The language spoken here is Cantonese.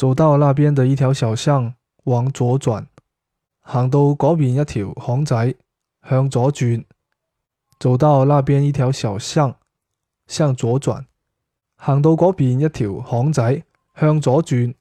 走到那邊的一條小巷，往左轉，行到嗰邊一條巷仔，向左轉。走到那邊一條小巷，向左轉，行到嗰邊一條巷仔，向左轉。